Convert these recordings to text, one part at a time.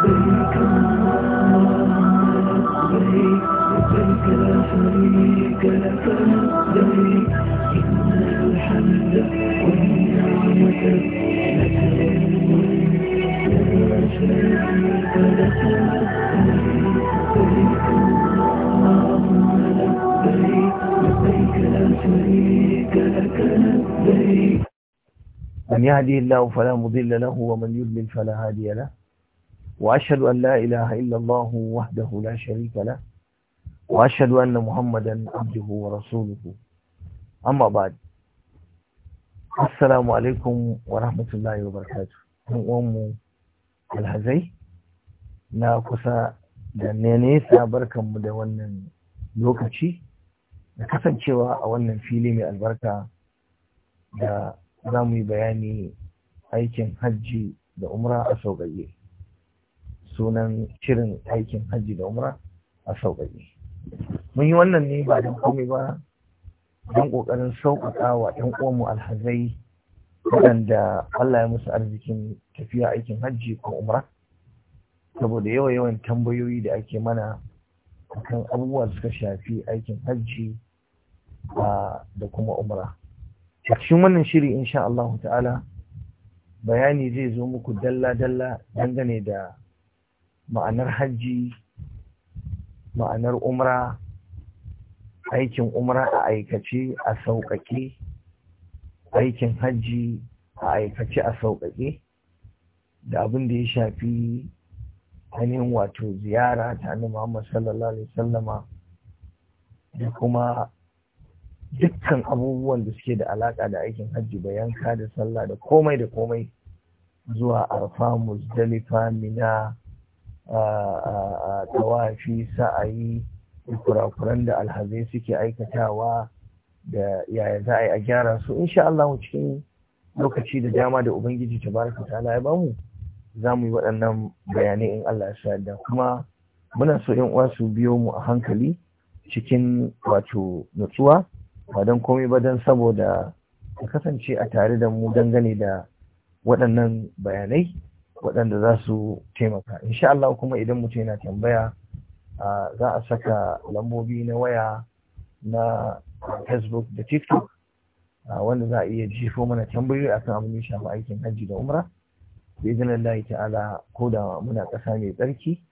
لا شريك لك لا لا شريك لك من يهدي الله فلا مضل له ومن يضلل فلا هادي له وأشهد أن لا إله إلا الله وحده لا شريك له وأشهد أن محمدا عبده ورسوله أما بعد Assalamu alaikum wa rahmatullahi wa barakatu. Ɗan uwanmu alhazai na kusa da ne nesa mu da wannan lokaci da kasancewa a wannan filin mai albarka da za mu yi bayani aikin hajji da umra a sauƙaƙe. sunan shirin aikin hajji da umra a sauƙaƙe mun yi wannan ne ba don komai ba don ƙoƙarin sauƙaƙa wa ɗan uwanmu alhazai waɗanda Allah ya musu arzikin tafiya aikin hajji ko umra saboda yawa yawan tambayoyi da ake mana akan abubuwa suka shafi aikin hajji da kuma umra a cikin wannan shiri insha Allah ta'ala bayani zai zo muku dalla-dalla dangane da ma'anar hajji ma'anar umra aikin umra a aikace a sauƙaƙe aikin hajji a aikace a sauƙaƙe da abin da ya shafi ainihin wato ziyara ta Muhammad sallallahu alaihi sallama da kuma dukkan abubuwan da suke da alaƙa da aikin hajji bayanka da sallah da komai da komai zuwa arfa muzdalifa mina tawafi sa'ayi kurakuran da alhazai suke aikatawa da yaya za a yi a gyara su insha Allah cikin lokaci da dama da ubangiji tabaraka ta'ala ya mu. za mu yi waɗannan bayanai in Allah ya sa da kuma muna so yan uwa su biyo mu a hankali cikin wato nutsuwa ba don komai ba don saboda ka kasance a tare da mu dangane da waɗannan bayanai waɗanda za su taimaka insha Allah kuma idan mutum yana tambaya za a saka lambobi na waya na facebook da tiktok wanda za a iya jifo mana tambayoyi akan abin shafi aikin hajji da umra izinin Allah ta'ala ko da muna ƙasa mai tsarki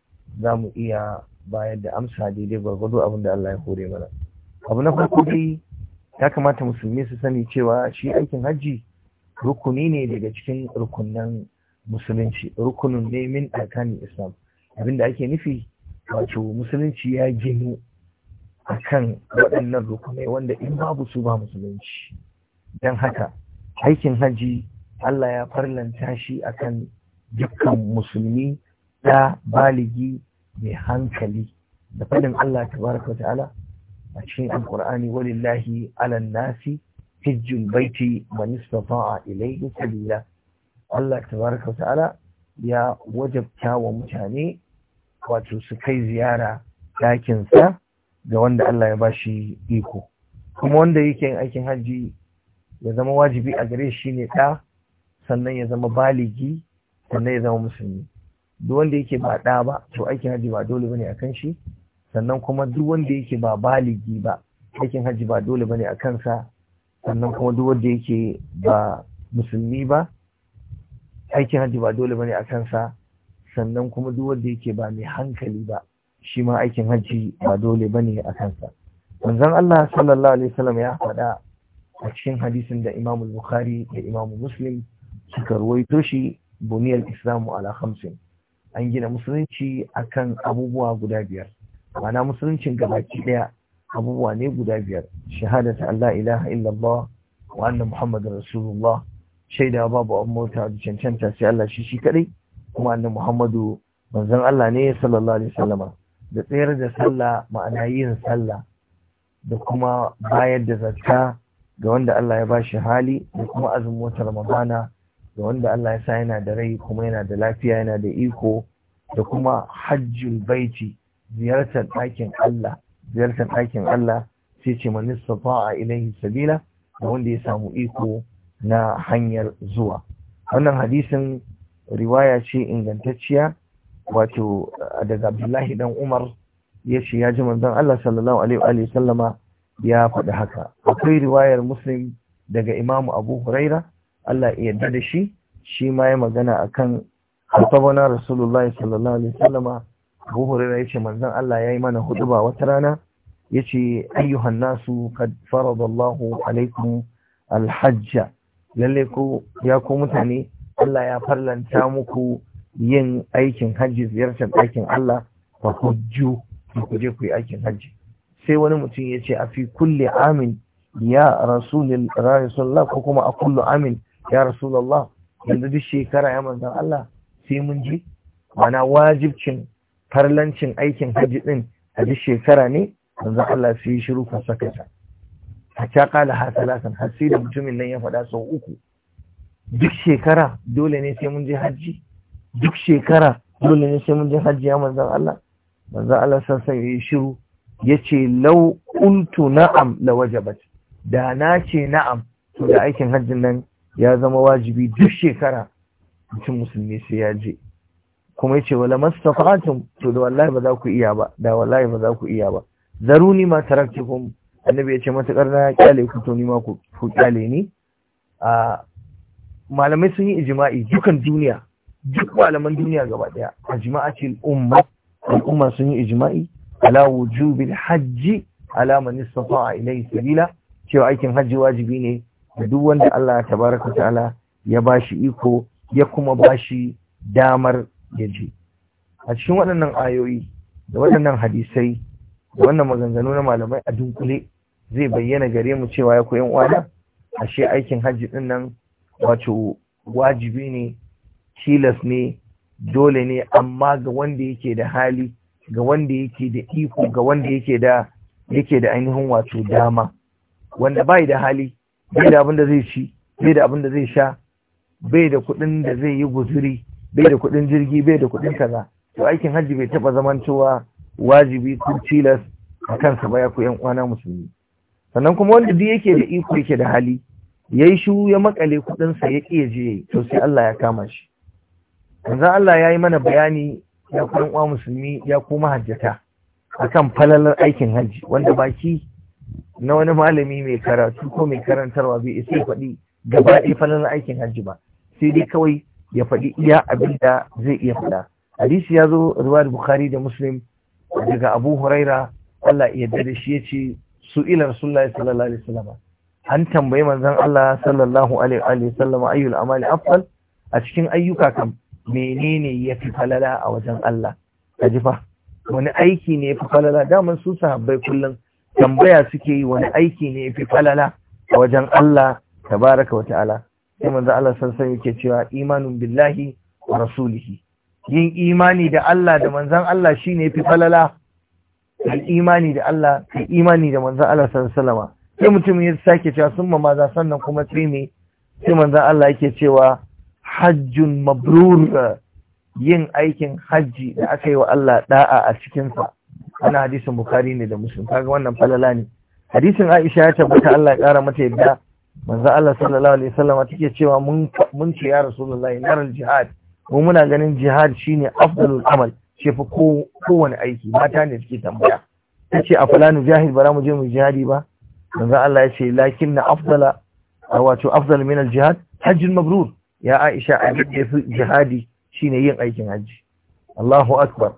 za mu iya bayar da amsa daidai gwargwado abin da Allah ya kore mana abu na farko dai ya kamata musulmi su sani cewa shi aikin hajji rukuni ne daga cikin rukunan musulunci rukunin ne min arkanin islam abinda ake nufi wato musulunci ya ginu akan waɗannan rukunai wanda in babu su ba musulunci don haka aikin haji Allah ya farlanta shi akan dukkan musulmi da baligi mai hankali da faɗin Allah tabaraka ta'ala a cikin alkur'ani walillahi alan nasi hijjun baiti man istata'a ilayhi sabila Allah tabaraka ta'ala ya wajabta wa mutane wato su kai ziyara ɗakinsa ga wanda Allah ya ba shi iko kuma wanda yake yin aikin hajji ya zama wajibi a gare shi ne ɗa sannan ya zama baligi sannan ya zama musulmi duk wanda yake ba ɗa ba to aikin hajji ba dole bane kan shi sannan kuma duk wanda yake ba baligi ba aikin hajji ba dole bane a kansa sannan kuma duk wanda yake ba musulmi ba aikin hajji ba dole bane a kansa sannan kuma duk wanda yake ba mai hankali ba shi ma aikin hajji ba dole bane a kansa manzon Allah sallallahu alaihi wasallam ya faɗa a cikin hadisin da Imam Bukhari da Imam Muslim suka ruwaito shi buniyar islam ala khamsin an gina musulunci akan abubuwa guda biyar ma'ana musuluncin gabaki daya abubuwa ne guda biyar shahadatu Allah ilaha illallah wa anna muhammadar rasulullah shaida babu an mota da cancanta sai Allah shi shi kadai kuma annabi Muhammadu manzon Allah ne sallallahu alaihi wasallama da tsayar da sallah ma'ana yin sallah da kuma bayar da zakka ga wanda Allah ya bashi hali da kuma azumin wata Ramadana ga wanda Allah ya sa yana da rai kuma yana da lafiya yana da iko da kuma hajjul baiti ziyartar ɗakin Allah ziyartar ɗakin Allah sai ce man fa'a ilaihi sabila da wanda ya samu iko na hanyar zuwa wannan hadisin riwaya ce ingantacciya wato daga abdullahi dan umar ya ce ya ji manzon Allah sallallahu alaihi wa sallama ya faɗi haka akwai riwayar muslim daga imamu abu huraira Allah ya yarda da shi shi ma ya magana akan hatabana rasulullah sallallahu alaihi wa sallama abu huraira ya ce manzon Allah ya yi mana huduba wata rana ya ce ayyuhan nasu kad faradallahu alaikum alhajja lalle ko ya ku mutane Allah ya farlanta muku yin aikin hajji ziyartar aikin Allah fa hujju ku je ku yi aikin hajji sai wani mutum ya ce a fi kulle amin ya rasulullah ko kuma a kullu amin ya rasulullah yanzu duk shekara ya manzan Allah sai mun ji mana wajibcin farlancin aikin hajji din a duk shekara ne manzan Allah sai shiru ka saka hatta kala ha salasan har sai da mutumin nan ya faɗa sau uku duk shekara dole ne sai mun je hajji duk shekara dole ne sai mun je hajji ya manzan Allah manzan Allah sai ya yi shiru ya ce lau na'am la wajabat da na ce na'am to da aikin hajjin nan ya zama wajibi duk shekara mutum musulmi sai ya je kuma ya ce wala mastafatum to da wallahi ba za ku iya ba da wallahi ba za ku iya ba zaruni ma taraktukum annabi ya ce matakar na kyale ku to nima ku kyale ni a malamai sun yi ijma'i dukan duniya duk malaman duniya gaba daya ajma'atil umma al'umma sun yi ijma'i ala wujubil hajji ala man a ilayhi sabila cewa aikin hajji wajibi ne da duk wanda Allah tabaraka ta'ala ya bashi iko ya kuma bashi damar ya je a cikin waɗannan ayoyi da waɗannan hadisai da wannan maganganu na malamai a dunkule zai bayyana gare mu cewa ya koyan uwana ashe aikin hajji din nan wato wajibi ne tilas ne dole ne amma ga wanda yake da hali ga wanda yake da iko ga wanda yake da yake da ainihin wato dama wanda bai da hali bai da abin da zai ci bai da abin da zai sha bai da kuɗin da zai yi guzuri bai da kuɗin jirgi bai da kuɗin kaza to aikin hajji bai taɓa zamantowa wajibi ko tilas a kansa ba ya ku ƴan uwana musulmi sannan kuma wanda duk yake da iko yake da hali yayi shu ya makale kudin sa ya iya je to sai Allah ya kama shi yanzu Allah ya yi mana bayani ya kuɗin uwa musulmi ya kuma hajjata akan falalar aikin hajji wanda baki na wani malami mai karatu ko mai karantarwa bai isa ya faɗi gaba ɗaya falalar aikin hajji ba sai dai kawai ya faɗi iya abin da zai iya faɗa hadisi ya zo riwayar bukhari da muslim daga abu huraira Allah ya yarda da shi ya ce su ila rasulullahi sallallahu alaihi wasallam an tambayi manzon Allah sallallahu alaihi wasallam ayyul amali afdal a cikin ayyuka kam menene yafi falala a wajen Allah kaji fa wani aiki ne yafi falala daman su sahabbai kullum tambaya suke yi wani aiki ne yafi falala a wajen Allah tabaraka wa ta'ala sai manzon Allah sallallahu alaihi yake cewa imanun billahi wa rasulihi yin imani da Allah da manzon Allah shine yafi falala kai imani da Allah kai imani da manzon Allah sallallahu alaihi wasallam sai mutum ya sake cewa summa maza sannan kuma sai me sai manzon Allah yake cewa hajjun mabrur yin aikin hajji da aka yi wa Allah da'a a cikinsa ana hadisin bukari ne da muslim kaga wannan falala ne hadisin aisha ya tabbata Allah ya kara mata yadda manzo Allah sallallahu alaihi wasallam take cewa mun mun ce ya rasulullahi nar jihad mu muna ganin jihad shine afdalul amal ce fa kowane aiki mata ne suke tambaya ta ce a fulani jahil ba za mu je mu jihadi ba yanzu Allah ya ce lakin na afdala wato afdala min jihad hajjin mabrur ya Aisha a da yafi jihadi shine yin aikin hajji Allahu akbar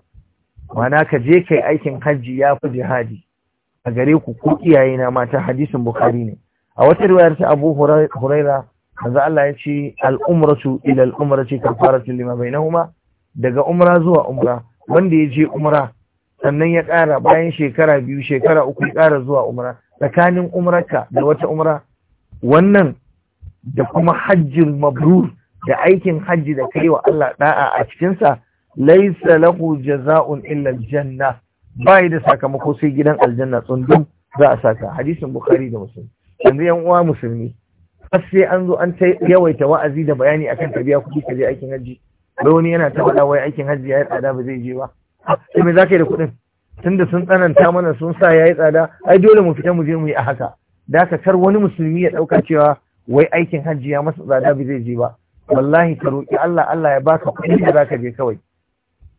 mana ka je kai aikin hajji ya fi jihadi a gare ku ko iyaye na mata hadisin bukhari ne a wata riwayar ta Abu Huraira yanzu Allah ya ce al'umratu ila al kafaratu lima bainahuma daga umra zuwa umra wanda ya je umra sannan ya ƙara bayan shekara biyu shekara uku ya ƙara zuwa umra tsakanin umrarka da wata umra wannan da kuma hajjin mabrur da aikin hajji da kai wa Allah da'a a cikinsa laisa lahu jaza'un illa janna. bai da sakamako sai gidan aljanna tsundum za a saka hadisin bukhari da muslim yanzu yan uwa musulmi sai an zo an yawaita wa'azi da bayani akan tabiya kuɗi ka je aikin hajji bai wani yana ta faɗa wai aikin hajji ya yi tsada ba zai je ba sai me za ka yi da kuɗin tunda sun tsananta mana sun sa yayi tsada ai dole mu fita mu je mu yi a haka da ka kar wani musulmi ya ɗauka cewa wai aikin hajji ya masa tsada ba zai je ba wallahi ka roƙi Allah Allah ya baka kuɗi da za ka je kawai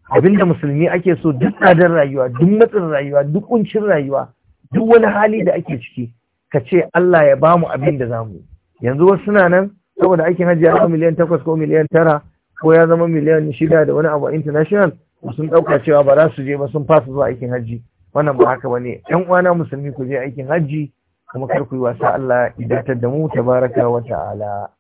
abinda musulmi ake so duk tsadar rayuwa duk matsin rayuwa duk kuncin rayuwa duk wani hali da ake ciki ka ce Allah ya bamu abin da zamu yanzu wasu suna nan saboda aikin hajji ya miliyan takwas ko miliyan tara ko ya zama miliyan shida da wani abu international sun ɗauka cewa ba za su je ba sun fasa zuwa aikin hajji wannan ba haka bane yan uwana musulmi ku je aikin hajji kuma kar ku yi wasa Allah ya datar da mu tabaraka wa ta'ala